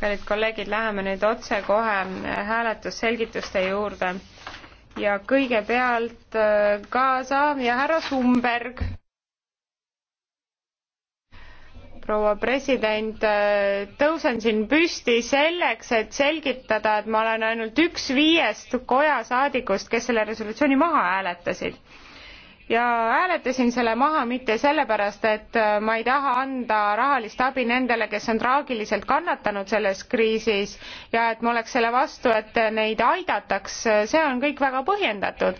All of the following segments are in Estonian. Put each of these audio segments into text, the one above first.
kallid kolleegid, läheme nüüd otsekohe hääletusselgituste juurde ja kõigepealt äh, kaasa ja härra Sumberg. proua president, äh, tõusen siin püsti selleks, et selgitada, et ma olen ainult üks viiest koja saadikust, kes selle resolutsiooni maha hääletasid ja hääletasin selle maha mitte sellepärast, et äh, ma ei taha anda rahalist abi nendele, kes on traagiliselt kannatanud selles kriisis ja et ma oleks selle vastu, et neid aidataks, see on kõik väga põhjendatud.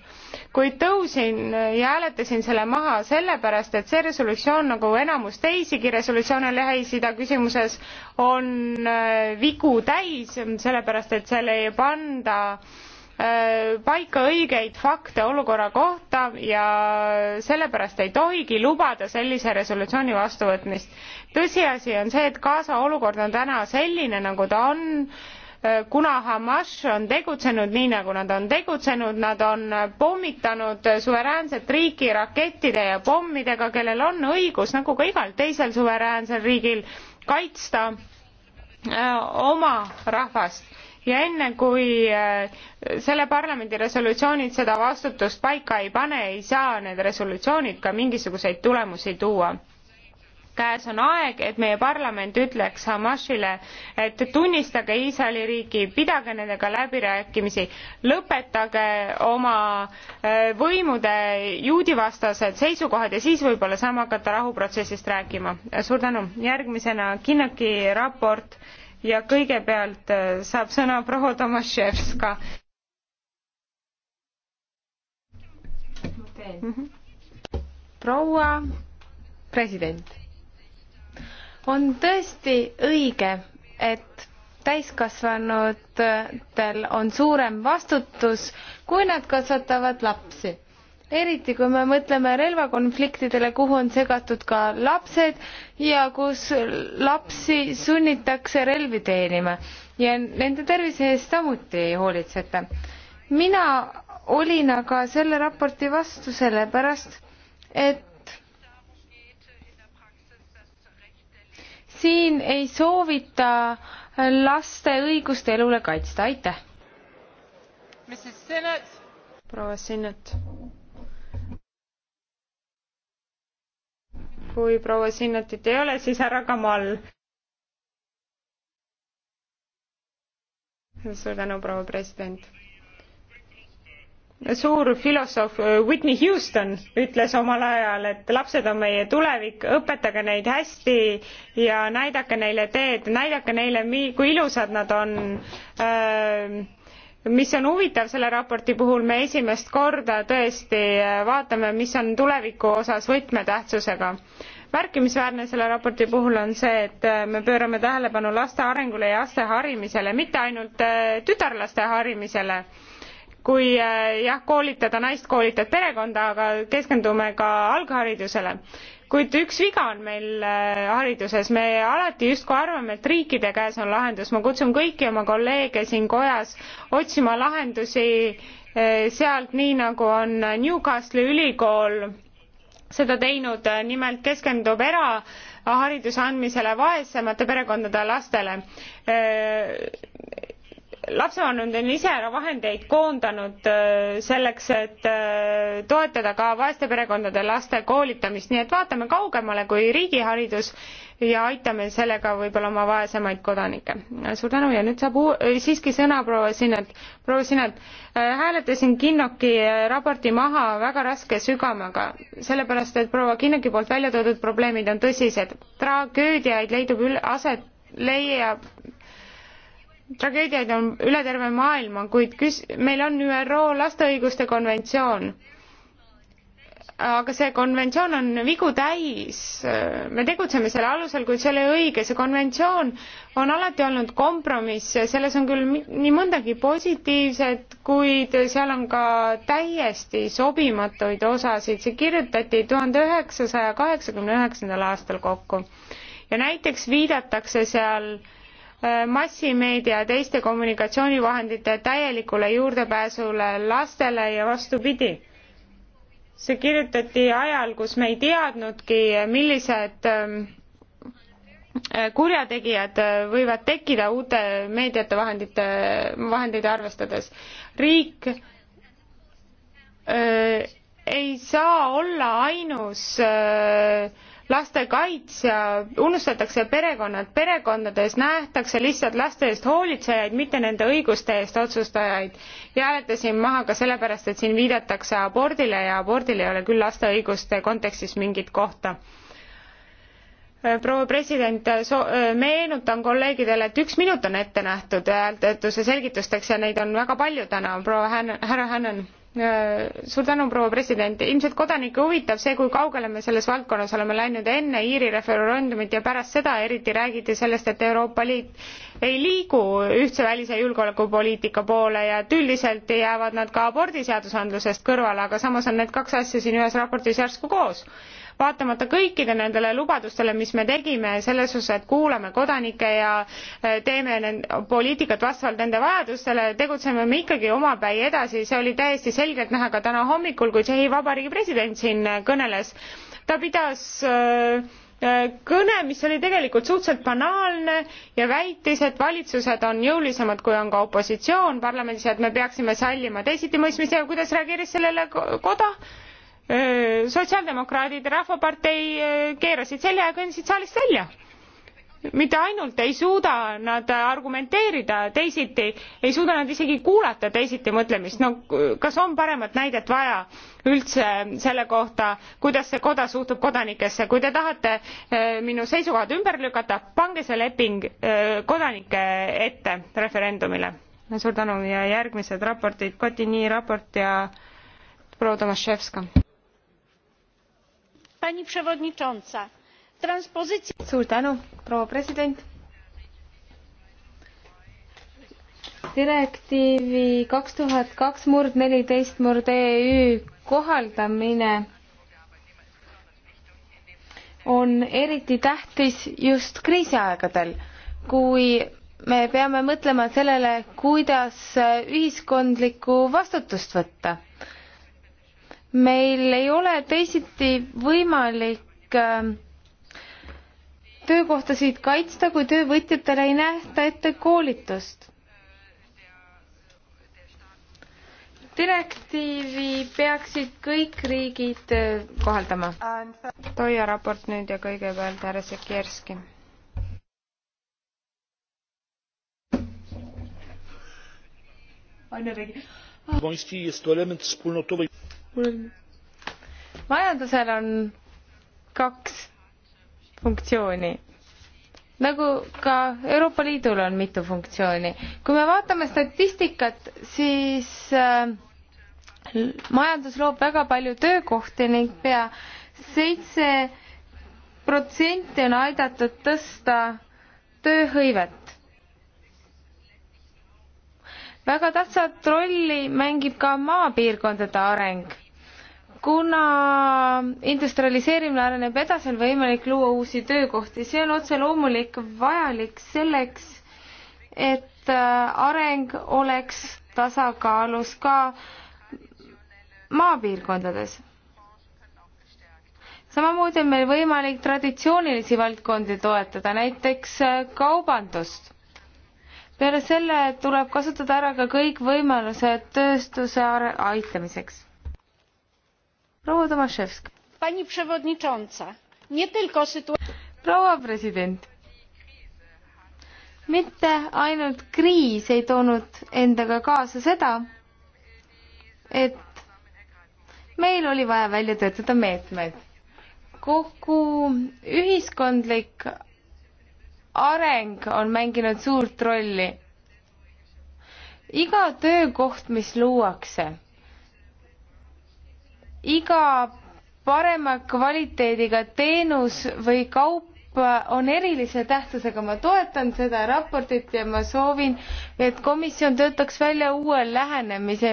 kuid tõusin ja hääletasin selle maha sellepärast, et see resolutsioon nagu enamus teisigi resolutsioone Lähis-Ida küsimuses on äh, vigu täis, sellepärast et seal ei panda Äh, paika õigeid fakte olukorra kohta ja sellepärast ei tohigi lubada sellise resolutsiooni vastuvõtmist. tõsiasi on see, et Gaza olukord on täna selline, nagu ta on äh, kuna Hamas on tegutsenud nii, nagu nad on tegutsenud, nad on pommitanud suveräänset riiki rakettide ja pommidega, kellel on õigus, nagu ka igal teisel suveräänsel riigil, kaitsta äh, oma rahvast ja enne kui äh, selle parlamendi resolutsioonid seda vastutust paika ei pane, ei saa need resolutsioonid ka mingisuguseid tulemusi tuua käes on aeg, et meie parlament ütleks Hamasile, et tunnistage Iisraeli riiki, pidage nendega läbirääkimisi, lõpetage oma äh, võimude juudivastased seisukohad ja siis võib-olla saame hakata rahuprotsessist rääkima. suur tänu. järgmisena Kinnaki raport ja kõigepealt äh, saab sõna proua Tomaševska. Mhm. proua president, on tõesti õige, et täiskasvanutel on suurem vastutus, kui nad kasvatavad lapsi eriti kui me mõtleme relvakonfliktidele, kuhu on segatud ka lapsed ja kus lapsi sunnitakse relvi teenima ja nende tervise eest samuti ei hoolitseta. mina olin aga selle raporti vastu sellepärast, et siin ei soovita laste õigust elule kaitsta, aitäh. proua Sinnet. kui proua Sinnatit ei ole, siis härra Kamal. suur tänu, proua president. suur filosoof äh, Whitney Houston ütles omal ajal, et lapsed on meie tulevik, õpetage neid hästi ja näidake neile teed, näidake neile, kui ilusad nad on äh, mis on huvitav selle raporti puhul, me esimest korda tõesti äh, vaatame, mis on tuleviku osas võtmetähtsusega. märkimisväärne selle raporti puhul on see, et äh, me pöörame tähelepanu laste arengule ja laste harimisele, mitte ainult äh, tütarlaste harimisele, kui jah, koolitada naist, koolitad perekonda, aga keskendume ka algharidusele kuid üks viga on meil äh, hariduses, me alati justkui arvame, et riikide käes on lahendus, ma kutsun kõiki oma kolleege siin kojas otsima lahendusi äh, sealt, nii nagu on Newcastle'i ülikool seda teinud, nimelt keskendub erahariduse andmisele vaesemate perekondade lastele äh, lapsevanemad on ise vahendeid koondanud äh, selleks, et äh, toetada ka vaeste perekondade laste koolitamist, nii et vaatame kaugemale kui riigiharidus ja aitame sellega võib-olla oma vaesemaid kodanikke. suur tänu ja nüüd saab äh, siiski sõna proua Sinnelt. proua Sinnelt, hääletasin Kinnoki raporti maha väga raske sügamaga, sellepärast et proua Kinnoki poolt välja toodud probleemid on tõsised. tragöödiaid leidub üle, aset leiab tragöödiaid on üle terve maailma, kuid küs-, meil on ÜRO laste õiguste konventsioon. aga see konventsioon on vigu täis, me tegutseme selle alusel, kuid see ei ole õige, see konventsioon on alati olnud kompromiss ja selles on küll nii mõndagi positiivset, kuid seal on ka täiesti sobimatuid osasid, see kirjutati tuhande üheksasaja kaheksakümne üheksandal aastal kokku. ja näiteks viidatakse seal äh, Äh, massimeedia ja teiste kommunikatsioonivahendite täielikule juurdepääsule lastele ja vastupidi. see kirjutati ajal, kus me ei teadnudki, millised ähm, äh, kurjategijad äh, võivad tekkida uute meediate vahendite, vahendeid arvestades. riik öö, ei saa olla ainus öö, lastekaitsja, unustatakse perekonnad, perekondades nähtakse lihtsalt laste eest hoolitsejaid, mitte nende õiguste eest otsustajaid. ja hääletasin maha ka sellepärast, et siin viidatakse abordile ja abordil ei ole küll laste õiguste kontekstis mingit kohta proua president so- meenutan kolleegidele et üks minut on ette nähtud hääletuste selgitusteks ja neid on väga palju täna proua hän- härra hannan Äh, suur tänu, proua president, ilmselt kodanikke huvitab see, kui kaugele me selles valdkonnas oleme läinud enne Iiri referendumit ja pärast seda eriti räägiti sellest, et Euroopa Liit ei liigu ühtse välise julgeolekupoliitika poole ja et üldiselt jäävad nad ka abordiseadusandlusest kõrvale, aga samas on need kaks asja siin ühes raportis järsku koos vaatamata kõikide nendele lubadustele, mis me tegime selles osas, et kuulame kodanikke ja eh, teeme poliitikat vastavalt nende vajadustele, tegutseme me ikkagi omapäi edasi, see oli täiesti selgelt näha ka täna hommikul, kui Tšehhi Vabariigi president siin eh, kõneles. ta pidas eh, kõne, mis oli tegelikult suhteliselt banaalne ja väitis, et valitsused on jõulisemad, kui on ka opositsioon parlamendis ja et me peaksime sallima teisitimõistmisi ja kuidas reageeris sellele koda? Äh, sotsiaaldemokraadid ja Rahvapartei äh, keerasid selja ja kõndisid saalist välja. mitte ainult ei suuda nad argumenteerida teisiti, ei suuda nad isegi kuulata teisiti mõtlemist, no kas on paremat näidet vaja üldse selle kohta, kuidas see koda suhtub kodanikesse, kui te tahate äh, minu seisukohad ümber lükata, pange see leping kodanike ette referendumile. suur tänu ja järgmised raportid, Kotini raport ja proua Tomaševska suur tänu, proua president. direktiivi kaks tuhat kaks murd neliteist murd EÜ kohaldamine on eriti tähtis just kriisiaegadel, kui me peame mõtlema sellele, kuidas ühiskondlikku vastutust võtta meil ei ole teisiti võimalik äh, töökohtasid kaitsta, kui töövõtjatele ei nähta ette koolitust. direktiivi peaksid kõik riigid äh, kohaldama. Toia raport nüüd ja kõigepealt härra Sekierski. aine räägi. jest to element wspólnotowej mul on, majandusel on kaks funktsiooni nagu ka Euroopa Liidul on mitu funktsiooni. kui me vaatame statistikat, siis äh, majandus loob väga palju töökohti ning pea seitse protsenti on aidatud tõsta tööhõivet. väga tähtsat rolli mängib ka maapiirkondade areng kuna industrialiseerimine areneb edasi, on võimalik luua uusi töökohti, see on otse loomulik vajalik selleks, et äh, areng oleks tasakaalus ka maapiirkondades. samamoodi on meil võimalik traditsioonilisi valdkondi toetada, näiteks äh, kaubandust peale selle tuleb kasutada ära ka kõik võimalused tööstuse aitamiseks proua Tomaševsk. proua president, mitte ainult kriis ei toonud endaga kaasa seda, et meil oli vaja välja töötada meetmed. kogu ühiskondlik areng on mänginud suurt rolli. iga töökoht, mis luuakse iga parema kvaliteediga teenus või kaup on erilise tähtsusega, ma toetan seda raportit ja ma soovin, et komisjon töötaks välja uue lähenemise,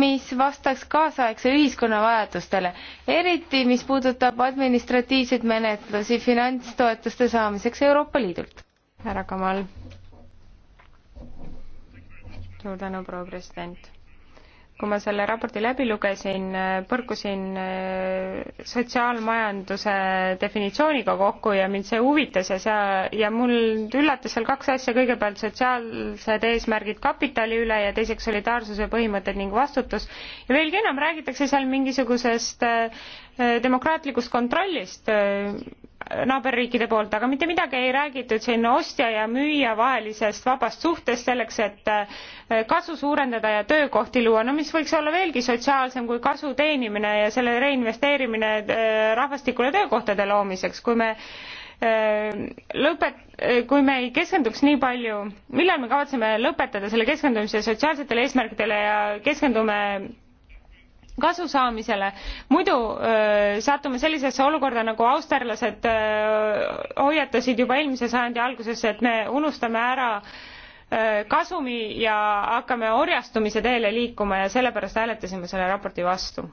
mis vastaks kaasaegse ühiskonna vajadustele, eriti mis puudutab administratiivseid menetlusi finantstoetuste saamiseks Euroopa Liidult. härra Kamal. suur tänu, proua president kui ma selle raporti läbi lugesin, põrkusin äh, sotsiaalmajanduse definitsiooniga kokku ja mind see huvitas ja see, ja mul üllatas seal kaks asja, kõigepealt sotsiaalsed eesmärgid kapitali üle ja teiseks solidaarsuse põhimõtted ning vastutus. ja veelgi enam, räägitakse seal mingisugusest äh, demokraatlikust kontrollist, äh, naaberriikide poolt aga mitte midagi ei räägitud siin ostja ja müüja vahelisest vabast suhtest selleks et eh, kasu suurendada ja töökohti luua no mis võiks olla veelgi sotsiaalsem kui kasu teenimine ja selle reinvesteerimine eh, rahvastikule töökohtade loomiseks kui me eh, lõpet- kui me ei keskenduks nii palju millal me kavatseme lõpetada selle keskendumise sotsiaalsetele eesmärkidele ja keskendume kasu saamisele. muidu öö, satume sellisesse olukorda, nagu austerlased öö, hoiatasid juba eelmise sajandi alguses, et me unustame ära öö, kasumi ja hakkame orjastumise teele liikuma ja sellepärast hääletasime selle raporti vastu.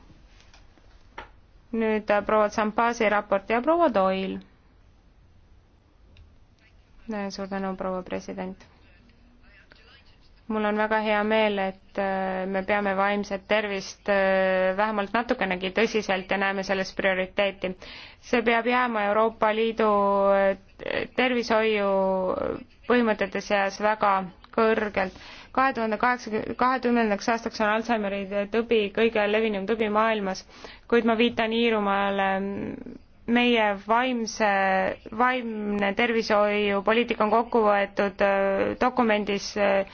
nüüd äh, proua Tsampasi raport ja proua Toil. suur tänu, proua president mul on väga hea meel, et äh, me peame vaimset tervist äh, vähemalt natukenegi tõsiselt ja näeme selles prioriteeti. see peab jääma Euroopa Liidu äh, tervishoiu põhimõtete seas väga kõrgelt. kahe tuhande kaheksa, kahekümnendaks aastaks on Alžeimeri tõbi kõige levinum tõbi maailmas, kuid ma viitan Iirumaale meie vaimse, vaimne tervishoiupoliitika on kokku võetud dokumendis äh,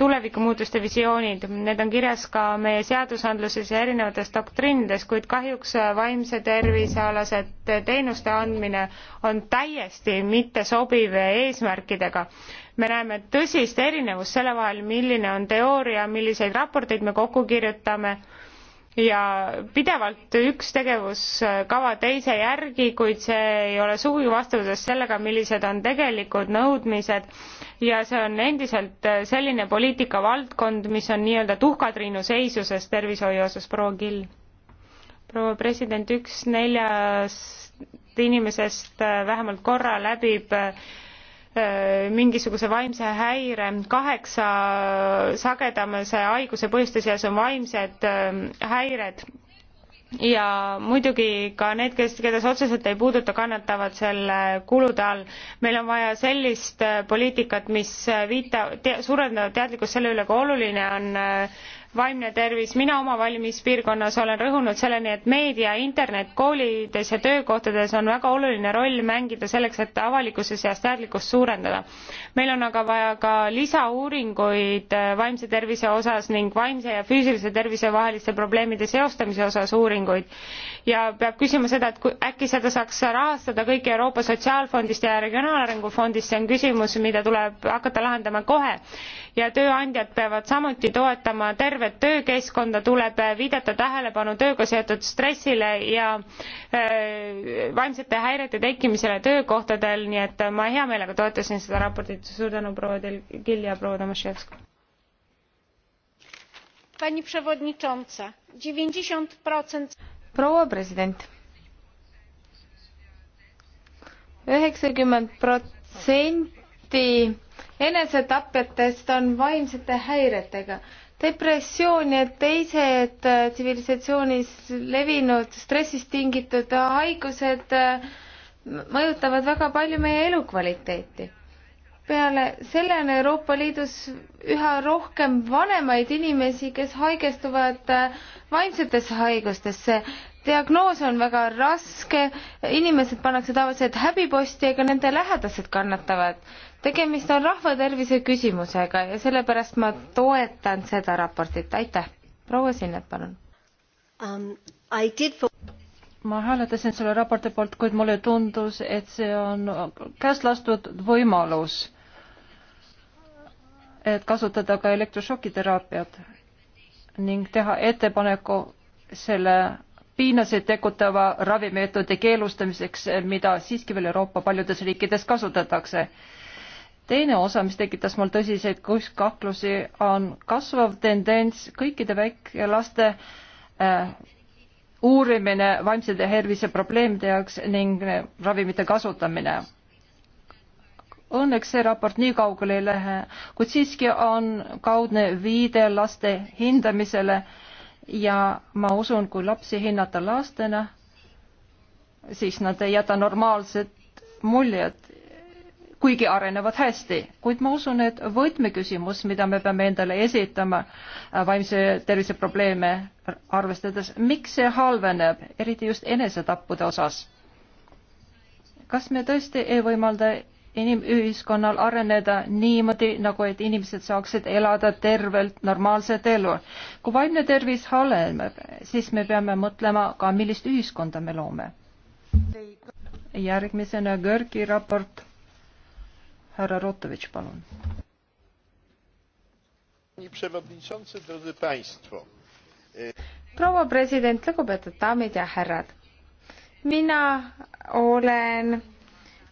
tulevikumuutuste visioonid, need on kirjas ka meie seadusandluses ja erinevates doktriinides, kuid kahjuks vaimse tervise alased teenuste andmine on täiesti mittesobiv eesmärkidega. me näeme tõsist erinevust selle vahel, milline on teooria, milliseid raporteid me kokku kirjutame ja pidevalt üks tegevuskava teise järgi, kuid see ei ole sugugi vastuses sellega, millised on tegelikud nõudmised ja see on endiselt selline poliitikavaldkond, mis on nii-öelda tuhkatriinu seisuses tervishoiu osas, proua Kill. proua president, üks neljast inimesest vähemalt korra läbib Äh, mingisuguse vaimse häire, kaheksa sagedamase haiguse põhjuste seas on vaimsed äh, häired ja muidugi ka need, kes, keda see otseselt ei puuduta, kannatavad selle kulude all. meil on vaja sellist äh, poliitikat, mis viita te,, suurendavad teadlikkust selle üle, kui oluline on äh, vaimne tervis. mina oma valimispiirkonnas olen rõhunud selleni, et meedia, internet koolides ja töökohtades on väga oluline roll mängida selleks, et avalikkuse seas teadlikkust suurendada. meil on aga vaja ka lisauuringuid äh, vaimse tervise osas ning vaimse ja füüsilise tervise vaheliste probleemide seostamise osas uuringuid. ja peab küsima seda, et äkki seda saaks rahastada kõik Euroopa Sotsiaalfondist ja Regionaalarengu fondist, see on küsimus, mida tuleb hakata lahendama kohe. ja tööandjad peavad samuti toetama terve tervet töökeskkonda, tuleb viidata tähelepanu tööga seotud stressile ja äh, vaimsete häirete tekkimisele töökohtadel, nii et ma hea meelega toetasin seda raportit, suur tänu proua Del-, Kilja, proua Tomaševsk. Pani przewodnicząca, dziewięćdziesiąt protsent proua president üheksakümmend protsenti enesetapjatest on vaimsete häiretega depressioon ja teised äh, tsivilisatsioonis levinud stressist tingitud äh, haigused äh, mõjutavad väga palju meie elukvaliteeti. peale selle on Euroopa Liidus üha rohkem vanemaid inimesi, kes haigestuvad vaimsetesse haigustesse diagnoos on väga raske, inimesed pannakse tavaliselt häbiposti, aga nende lähedased kannatavad. tegemist on rahvatervise küsimusega ja sellepärast ma toetan seda raportit, aitäh. proua Sinnet, palun um,. For... ma hääletasin selle raporti poolt, kuid mulle tundus, et see on käest lastud võimalus, et kasutada ka elektrošokiteraapiat ning teha ettepaneku selle piinasid tekutava ravimeetodi keelustamiseks, mida siiski veel Euroopa paljudes riikides kasutatakse. teine osa, mis tekitas mul tõsiseid kaklusi, on kasvav tendents kõikide väikelaste äh, uurimine vaimse tervise probleemide jaoks ning ravimite kasutamine õnneks see raport nii kaugele ei lähe, kuid siiski on kaudne viide laste hindamisele äh, ja ma usun, kui lapsi hinnata lastena, siis nad ei jäta normaalset muljet, kuigi arenevad hästi. kuid ma usun, et võtmeküsimus, mida me peame endale esitama äh, vaimse tervise probleeme arvestades, miks see halveneb, eriti just enesetappude osas? kas me tõesti ei võimalda inimühiskonnal areneda niimoodi, nagu et inimesed saaksid elada tervelt normaalset elu. kui vaimne tervis halveneb, siis me peame mõtlema ka, millist ühiskonda me loome. järgmisena Görki raport. härra Rotovitš, palun. proua president, lugupeetud daamid ja härrad. mina olen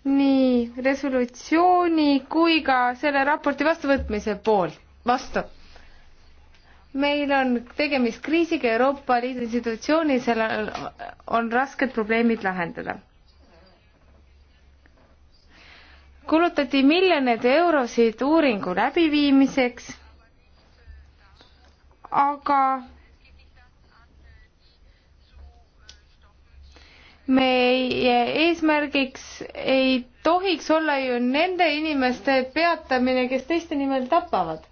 nii resolutsiooni kui ka selle raporti vastuvõtmise poolt, vastu. meil on tegemist kriisiga Euroopa Liidu institutsiooni, sellel on rasked probleemid lahendada. kulutati miljoneid eurosid uuringu läbiviimiseks, aga meie eesmärgiks ei tohiks olla ju nende inimeste peatamine, kes teiste nimel tapavad.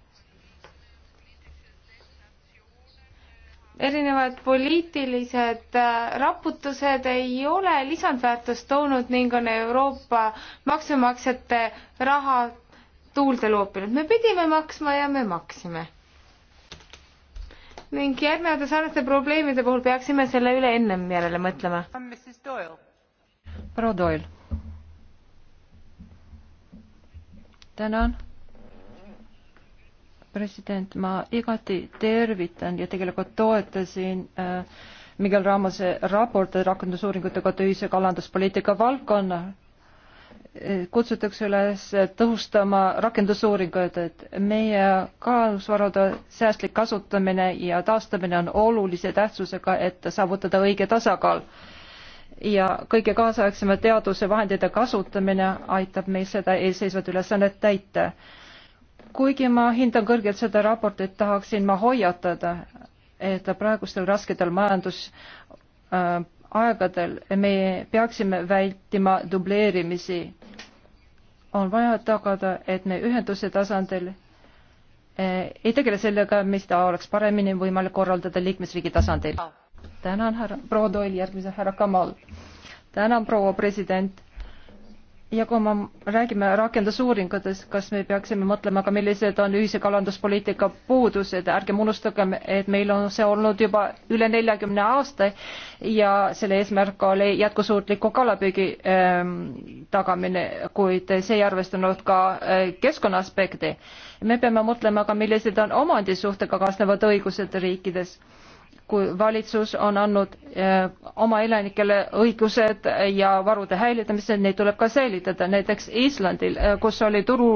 erinevad poliitilised äh, raputused ei ole lisandväärtust toonud ning on Euroopa maksumaksjate raha tuulde loopinud. me pidime maksma ja me maksime ning järgnevate sarnaste probleemide puhul peaksime selle üle ennem järele mõtlema. proua Doyle. tänan. president, ma igati tervitan ja tegelikult toetasin äh, Miguel Ramose raporti rakendusuuringute kohta ühise kalanduspoliitika valdkonna kutsutakse üles tõhustama rakendusuuringuid, et meie kaevusvarade säästlik kasutamine ja taastamine on olulise tähtsusega, et saavutada õige tasakaal. ja kõige kaasaegsema teaduse vahendite kasutamine aitab meil seda eelseisvat ülesannet täita. kuigi ma hindan kõrgelt seda raportit, tahaksin ma hoiatada, et praegustel rasketel majandus äh, aegadel me peaksime vältima dubleerimisi. on vaja tagada, et me ühenduse tasandil eh, ei tegele sellega, mis ta oleks paremini võimalik korraldada liikmesriigi tasandil. tänan, härra proua Toil, järgmise härra Kamal. tänan, proua president ja kui me räägime rakendusuuringutest, kas me peaksime mõtlema ka, millised on ühise kalanduspoliitika puudused, ärgem unustagem, et meil on see olnud juba üle neljakümne aasta ja selle eesmärk oli jätkusuutliku kalapüügi ähm, tagamine, kuid see ei arvestanud ka äh, keskkonna aspekti. me peame mõtlema ka, millised on omandisuhtega kaasnevad õigused riikides kui valitsus on andnud eh, oma elanikele õigused ja varude häilitamised, neid tuleb ka säilitada. näiteks Islandil, eh, kus oli turu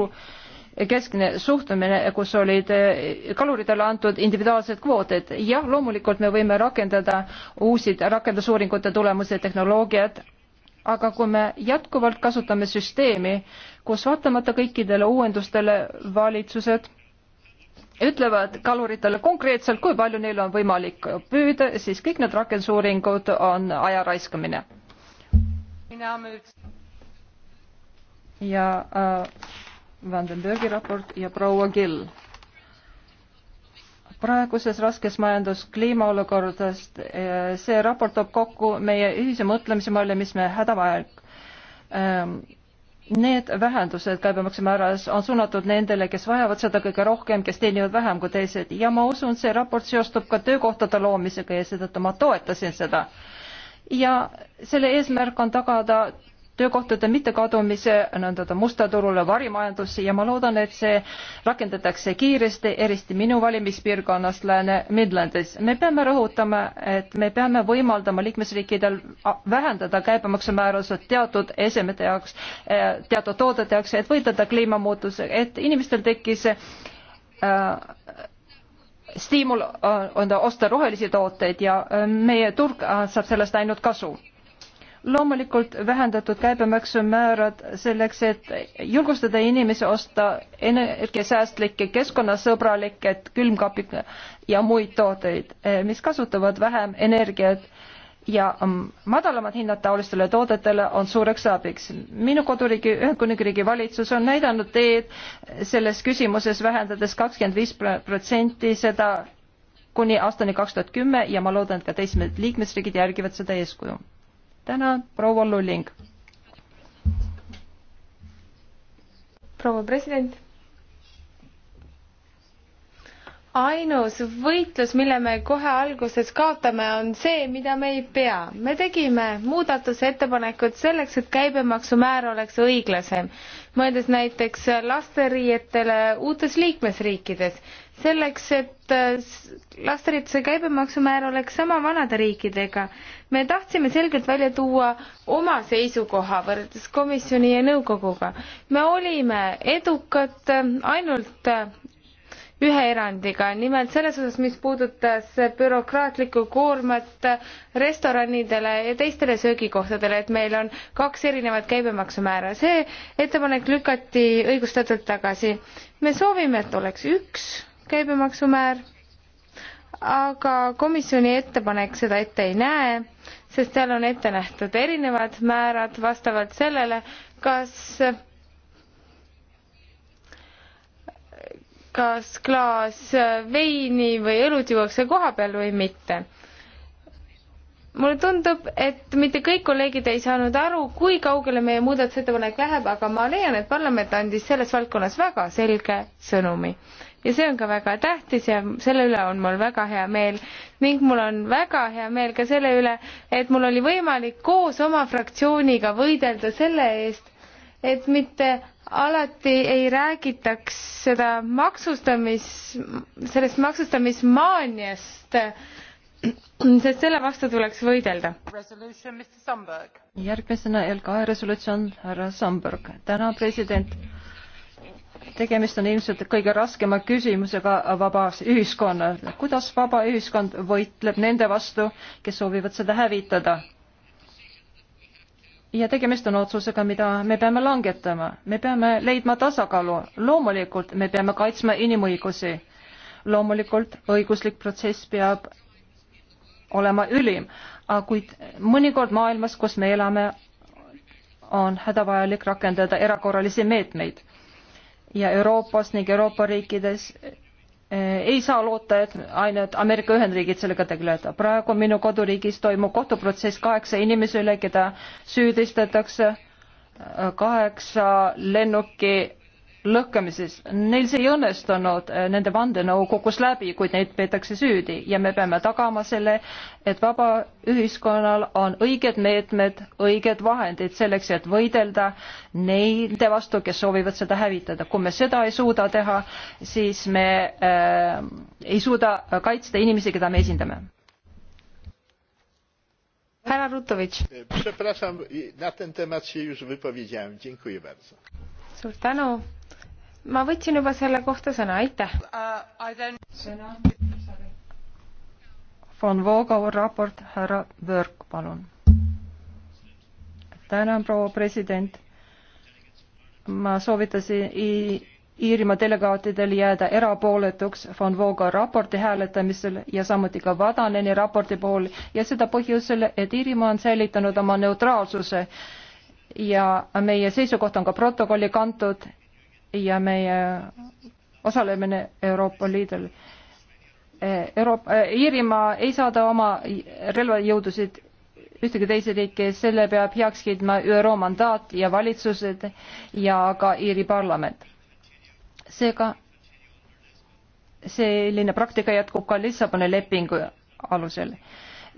keskne suhtumine, kus olid eh, kaluritele antud individuaalsed kvoodid. jah, loomulikult me võime rakendada uusi rakendusuuringute tulemusi, tehnoloogiat, aga kui me jätkuvalt kasutame süsteemi, kus vaatamata kõikidele uuendustele valitsused ütlevad kaluritele konkreetselt, kui palju neil on võimalik püüda, siis kõik need rakendusuuringud on aja raiskamine. ja äh, Vandenbergi raport ja proua Gill. praeguses raskes majanduskliima olukordast, äh, see raport toob kokku meie ühise mõtlemise mõelda, mis me hädavajalik ähm, Need vähendused käibemaksumääras on suunatud nendele, kes vajavad seda kõige rohkem, kes teenivad vähem kui teised ja ma usun, see raport seostub ka töökohtade loomisega ja seetõttu ma toetasin seda. ja selle eesmärk on tagada töökohtade mittekadumise nõnda musta turule varimajandusse ja ma loodan et see rakendatakse kiiresti eriti minu valimispiirkonnas lääne midlandis me peame rõhutama et me peame võimaldama liikmesriikidel vähendada käibemaksumäärasid teatud esemete jaoks eh, teatud toodete jaoks et võidelda kliimamuutusega et inimestel tekkis äh, stiimul eh, on osta rohelisi tooteid ja meie turg saab sellest ainult kasu loomulikult vähendatud käibemaksumäärad selleks, et julgustada inimesi osta energiasäästlikke, keskkonnasõbralikke külmkapi ja muid tooteid, eh, mis kasutavad vähem energiat ja mm, madalamad hinnad taolistele toodetele on suureks abiks. minu koduriigi Ühendkuningriigi valitsus on näidanud teed selles küsimuses, vähendades kakskümmend viis protsenti seda kuni aastani kaks tuhat kümme ja ma loodan, et ka teised liikmesriigid järgivad seda eeskuju tänan, proua Lulling. proua president ainus võitlus, mille me kohe alguses kaotame, on see, mida me ei pea. me tegime muudatusettepanekud selleks, et käibemaksumäär oleks õiglasem, mõeldes näiteks lasteriietele uutes liikmesriikides selleks, et äh, lasteriituse käibemaksumäär oleks sama vanade riikidega. me tahtsime selgelt välja tuua oma seisukoha võrreldes komisjoni ja nõukoguga. me olime edukad, ainult äh, ühe erandiga, nimelt selles osas, mis puudutas bürokraatlikku koormat restoranidele ja teistele söögikohtadele, et meil on kaks erinevat käibemaksumäära. see ettepanek lükati õigustatult tagasi. me soovime, et oleks üks käibemaksumäär, aga komisjoni ettepanek seda ette ei näe, sest seal on ette nähtud erinevad määrad vastavalt sellele, kas kas klaas veini või õlut juuakse koha peal või mitte. mulle tundub, et mitte kõik kolleegid ei saanud aru, kui kaugele meie muudatusettepanek läheb, aga ma leian, et parlament andis selles valdkonnas väga selge sõnumi. ja see on ka väga tähtis ja selle üle on mul väga hea meel ning mul on väga hea meel ka selle üle, et mul oli võimalik koos oma fraktsiooniga võidelda selle eest, et mitte alati ei räägitaks seda maksustamis, sellest maksustamismaaniast, sest selle vastu tuleks võidelda. järgmisena LKE resolutsioon härra Samberg. täna president, tegemist on ilmselt kõige raskema küsimusega vabas ühiskonnas. kuidas vaba ühiskond võitleb nende vastu, kes soovivad seda hävitada? ja tegemist on otsusega, mida me peame langetama. me peame leidma tasakaalu. loomulikult me peame kaitsma inimõigusi. loomulikult õiguslik protsess peab olema ülim, aga kuid mõnikord maailmas, kus me elame, on hädavajalik rakendada erakorralisi meetmeid ja Euroopas ning Euroopa riikides Äh, ei saa loota, et ainult Ameerika Ühendriigid sellega tegeleda. praegu minu koduriigis toimub kohtuprotsess kaheksa inimese üle, keda süüdistatakse äh, kaheksa lennuki lõhkamises. Neil see ei õnnestunud, eh, nende vandenõu kukkus läbi, kuid neid peetakse süüdi ja me peame tagama selle, et vaba ühiskonnal on õiged meetmed, õiged vahendid selleks, et võidelda nende vastu, kes soovivad seda hävitada. kui me seda ei suuda teha, siis me äh, ei suuda kaitsta inimesi, keda me esindame. härra Rutovitš. E, przepraszam, na ten temat się już wypowiedziałem. Dziękuję bardzo. suur tänu ma võtsin juba selle kohta sõna, aitäh uh,. Then... sõna. von Voogau raport, härra Björk, palun. tänan, proua president. ma soovitasin Iirimaa delegaatidel jääda erapooletuks von Vooga raporti hääletamisel ja samuti ka Vadaneni raporti puhul ja seda põhjusel, et Iirimaa on säilitanud oma neutraalsuse ja meie seisukoht on ka protokolli kantud ja meie osalemine Euroopa Liidul. Euroopa äh,, Iirimaa ei saada oma relvajõudusid ühtegi teise riiki, selle peab heaks kiitma ÜRO mandaat ja valitsused ja ka Iiri parlament. seega selline praktika jätkub ka Lissaboni lepingu alusel.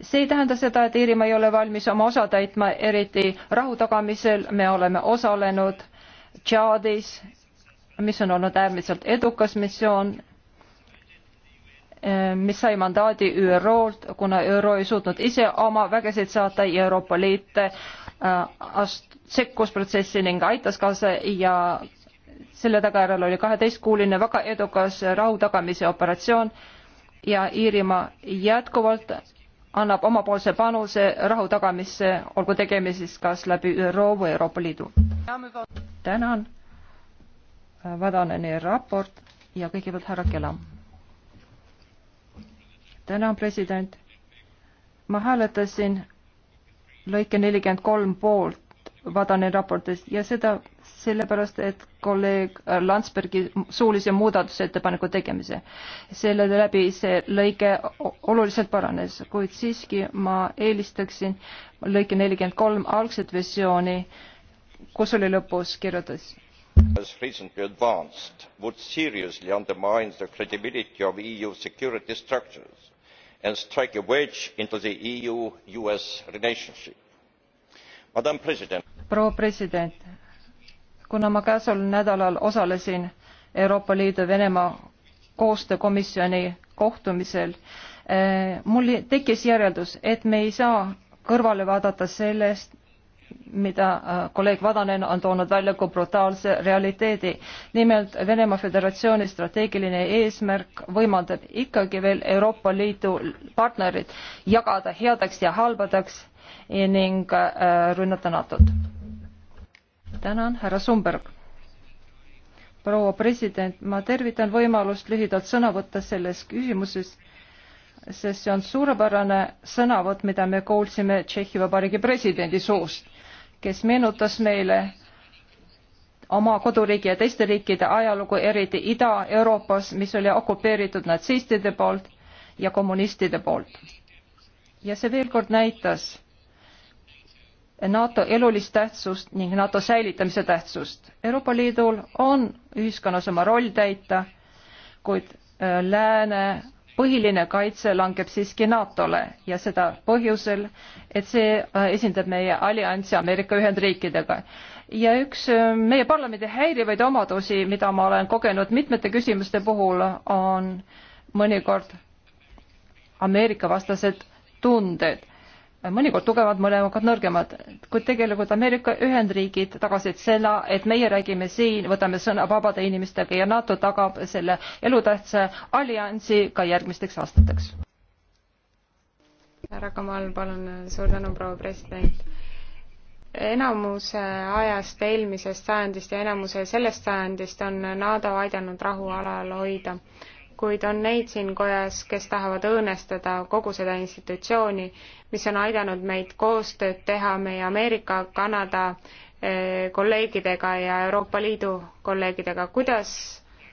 see ei tähenda seda, et Iirimaa ei ole valmis oma osa täitma, eriti rahu tagamisel me oleme osalenud Tšaadis mis on olnud äärmiselt edukas missioon, eh, mis sai mandaadi ÜRO-lt, kuna ÜRO ei suutnud ise oma vägesid saata ja Euroopa Liit eh, ast-, sekkus protsessi ning aitas kaasa ja selle tagajärjel oli kaheteistkuuline väga edukas rahu tagamise operatsioon ja Iirimaa jätkuvalt annab omapoolse panuse rahu tagamisse, olgu tegemist siis kas läbi ÜRO või Euroopa Liidu. tänan Vadaneni raport ja kõigepealt härra Kelam. tänan, president. ma hääletasin lõike nelikümmend kolm poolt Vadaneni raportist ja seda sellepärast, et kolleeg Landsbergi suulise muudatusettepaneku tegemise. selle läbi see lõige oluliselt paranes, kuid siiski ma eelistaksin lõike nelikümmend kolm algset versiooni, kus oli lõpus kirjutas has recently advanced would seriously undermine the credibility of eu security structures and strike a wedge into the eu us relationship. kuna ma käesoleval nädalal osalesin euroopa liidu ja venemaa koostöökomisjoni kohtumisel eh, mul tekkis järeldus et me ei saa kõrvale vaadata sellest mida äh, kolleeg Vadanen on toonud välja kui brutaalse realiteedi. nimelt Venemaa Föderatsiooni strateegiline eesmärk võimaldab ikkagi veel Euroopa Liidu partnerid jagada headeks ja halbadeks ning äh, rünnata NATO-t. tänan, härra Sumberg. proua president, ma tervitan võimalust lühidalt sõna võtta selles küsimuses sest see on suurepärane sõnavõtt, mida me kuulsime Tšehhi Vabariigi presidendi suust kes meenutas meile oma koduriigi ja teiste riikide ajalugu, eriti Ida-Euroopas, mis oli okupeeritud natsistide poolt ja kommunistide poolt. ja see veel kord näitas NATO elulist tähtsust ning NATO säilitamise tähtsust. Euroopa Liidul on ühiskonnas oma roll täita, kuid äh, lääne põhiline kaitse langeb siiski NATO-le ja seda põhjusel, et see äh, esindab meie alliansi Ameerika Ühendriikidega. ja üks äh, meie parlamendi häirivaid omadusi, mida ma olen kogenud mitmete küsimuste puhul, on mõnikord Ameerika vastased tunded mõnikord tugevad mõlemad nõrgemad, kuid tegelikult Ameerika Ühendriigid tagasid selle, et meie räägime siin, võtame sõna vabade inimestega ja NATO tagab selle elutähtsa alliansi ka järgmisteks aastateks. härra Kamal, palun, suur tänu, proua president. enamuse ajast eelmisest sajandist ja enamuse sellest sajandist on NATO aidanud rahualal hoida kuid on neid siin kojas, kes tahavad õõnestada kogu seda institutsiooni, mis on aidanud meid koostööd teha meie Ameerika, Kanada eh, kolleegidega ja Euroopa Liidu kolleegidega. kuidas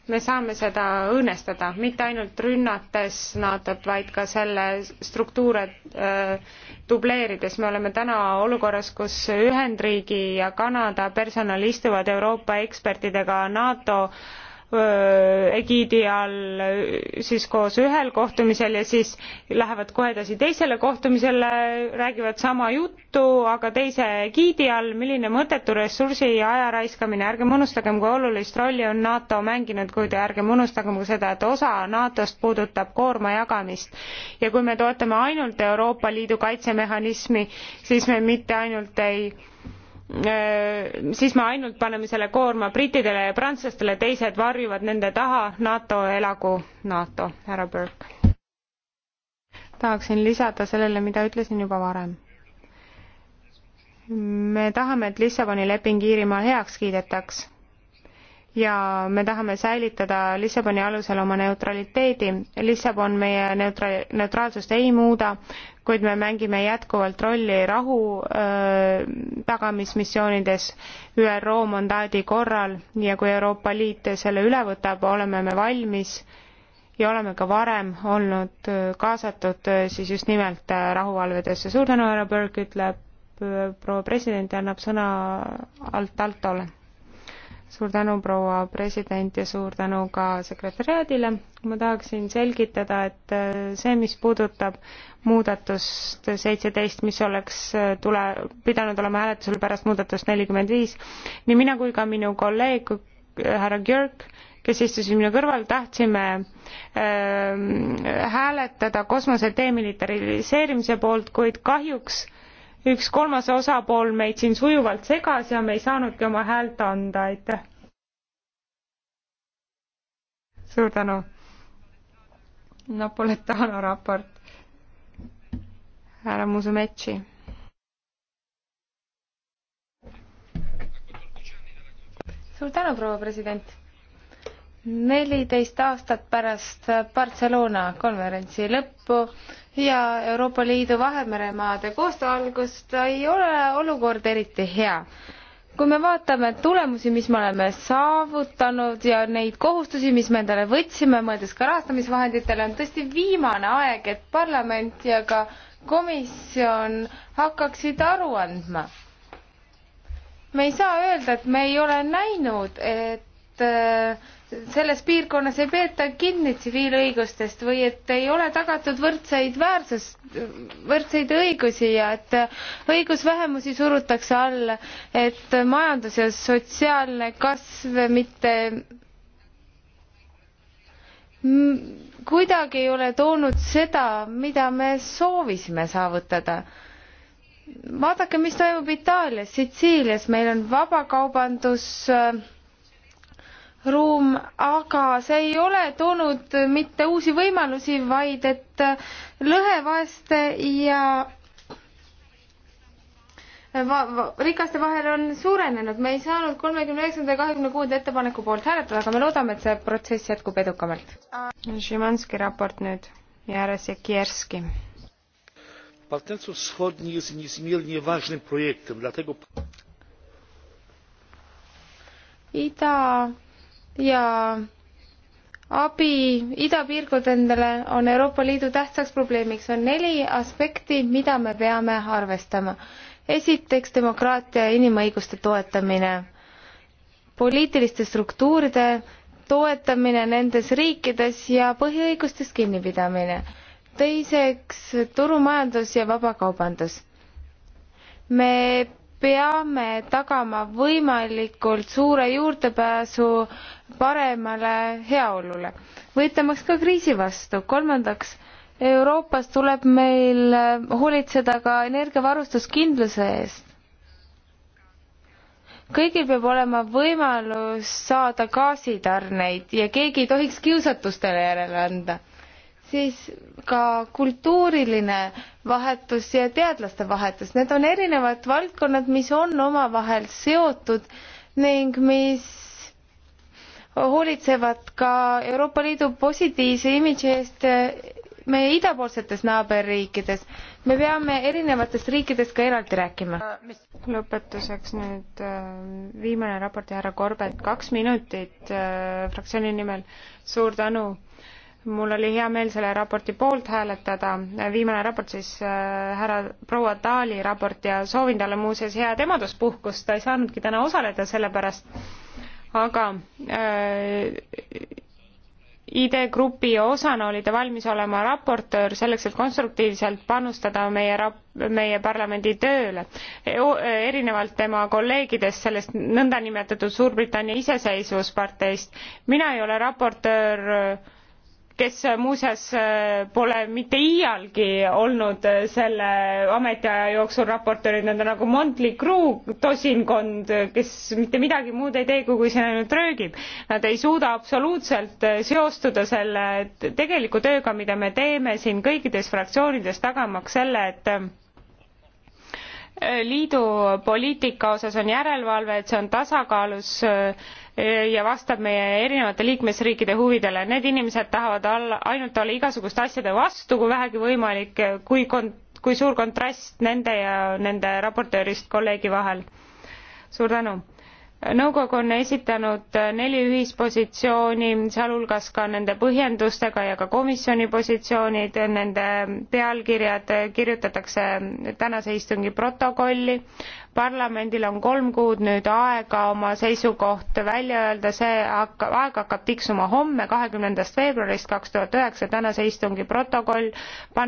me saame seda õõnestada, mitte ainult rünnates NATO-t, vaid ka selle struktuure äh, dubleerides. me oleme täna olukorras, kus Ühendriigi ja Kanada personal istuvad Euroopa ekspertidega NATO äh, egiidi all siis koos ühel kohtumisel ja siis lähevad kohe edasi teisele kohtumisele, räägivad sama juttu, aga teise egiidi all, milline mõttetu ressursi ja aja raiskamine, ärgem unustagem, kui olulist rolli on NATO mänginud, kuid ärgem unustagem ka seda, et osa NATO-st puudutab koorma jagamist. ja kui me toetame ainult Euroopa Liidu kaitsemehhanismi, siis me mitte ainult ei Äh, siis me ainult paneme selle koorma brittidele ja prantslastele, teised varjuvad nende taha, NATO elagu NATO, härra Burke. tahaksin lisada sellele, mida ütlesin juba varem. me tahame, et Lissaboni leping Iirimaal heaks kiidetaks ja me tahame säilitada Lissaboni alusel oma neutraliteedi. Lissabon meie neutra-, neutraalsust ei muuda, kuid me mängime jätkuvalt rolli rahu öö, tagamismissioonides ÜRO mandaadi korral ja kui Euroopa Liit selle üle võtab, oleme me valmis ja oleme ka varem olnud kaasatud siis just nimelt äh, rahuvalvedesse. suur tänu, härra Berg, ütleb proua president ja annab sõna alt-altole suur tänu, proua president ja suur tänu ka sekretäriaadile. ma tahaksin selgitada, et äh, see, mis puudutab muudatust seitseteist, mis oleks äh, tule, pidanud olema hääletusel pärast muudatust nelikümmend viis, nii mina kui ka minu kolleeg härra Gjörg kes istus minu kõrval, tahtsime äh, hääletada kosmose demilitariseerimise poolt, kuid kahjuks äh, üks kolmas osapool meid siin sujuvalt segas ja me ei saanudki oma häält anda, aitäh. suur tänu. Napoletano raport. härra Musumetsi. suur tänu, proua president neliteist aastat pärast Barcelona konverentsi lõppu ja Euroopa Liidu Vahemeremaade koostöö algust ei ole olukord eriti hea. kui me vaatame tulemusi, mis me oleme saavutanud ja neid kohustusi, mis me endale võtsime, mõeldes ka rahastamisvahenditele, on tõesti viimane aeg, et parlament ja ka komisjon hakkaksid aru andma. me ei saa öelda, et me ei ole näinud, et äh, selles piirkonnas ei peeta kinni tsiviilõigustest või et ei ole tagatud võrdseid väärsus, võrdseid õigusi ja et õigusvähemusi surutakse alla, et majandus ja sotsiaalne kasv mitte kuidagi ei ole toonud seda, mida me soovisime saavutada vaadake, mis toimub Itaalias, Sitsiilias, meil on vabakaubandus äh, ruum, aga see ei ole toonud mitte uusi võimalusi, vaid et lõhe vaeste ja va va rikaste vahel on suurenenud. me ei saanud kolmekümne üheksanda ja kahekümne kuuenda ettepaneku poolt hääletada, aga me loodame, et see protsess jätkub edukamalt. Šimanski raport nüüd ja härra Sekierski partnerstwo wschodnie jest niezmiernie ważnym projektem dlatego ida ja abi idapiirkondadele on Euroopa Liidu tähtsaks probleemiks. on neli aspekti, mida me peame arvestama. esiteks demokraatia ja inimõiguste toetamine, poliitiliste struktuuride toetamine nendes riikides ja põhiõigustest kinnipidamine. teiseks turumajandus ja vabakaubandus. me peame tagama võimalikult suure juurdepääsu paremale heaolule, võitlemaks ka kriisi vastu. kolmandaks, Euroopas tuleb meil hoolitseda ka energiavarustuskindluse eest. kõigil peab olema võimalus saada gaasitarneid ja keegi ei tohiks kiusatustele järele anda siis ka kultuuriline vahetus ja teadlaste vahetus, need on erinevad valdkonnad, mis on omavahel seotud ning mis hoolitsevad ka Euroopa Liidu positiivse imidži eest meie idapoolsetes naaberriikides. me peame erinevatest riikidest ka eraldi rääkima. Äh, lõpetuseks nüüd äh, viimane raport ja härra Korbet, kaks minutit äh, fraktsiooni nimel. suur tänu mul oli hea meel selle raporti poolt hääletada, viimane raport siis äh, härra proua Taali raport ja soovin talle muuseas head emaduspuhkust, ta ei saanudki täna osaleda sellepärast, aga äh, ID-grupi osana oli ta valmis olema raportöör selleks, et konstruktiivselt panustada meie rap-, meie parlamendi tööle e. e erinevalt tema kolleegidest sellest nõndanimetatud Suurbritannia iseseisvusparteist, mina ei ole raportöör äh, kes äh, muuseas äh, pole mitte iialgi olnud äh, selle ametiaja jooksul raportöörid, nad on nagu Montli Crew tosinkond, kes mitte midagi muud ei tee, kui siin ainult röögib. Nad ei suuda absoluutselt seostuda selle tegeliku tööga, mida me teeme siin kõikides fraktsioonides, tagamaks selle, et liidu poliitika osas on järelevalve, et see on tasakaalus ja vastab meie erinevate liikmesriikide huvidele. Need inimesed tahavad alla, ainult olla igasuguste asjade vastu, kui vähegi võimalik, kui kon-, kui suur kontrast nende ja nende raportöörist kolleegi vahel. suur tänu! nõukogu on esitanud neli ühispositsiooni, sealhulgas ka nende põhjendustega ja ka komisjoni positsioonid, nende pealkirjad kirjutatakse tänase istungi protokolli. parlamendil on kolm kuud nüüd aega oma seisukoht välja öelda, see hakkab, aeg hakkab tiksuma homme, kahekümnendast veebruarist kaks tuhat üheksa, tänase istungi protokoll pannakse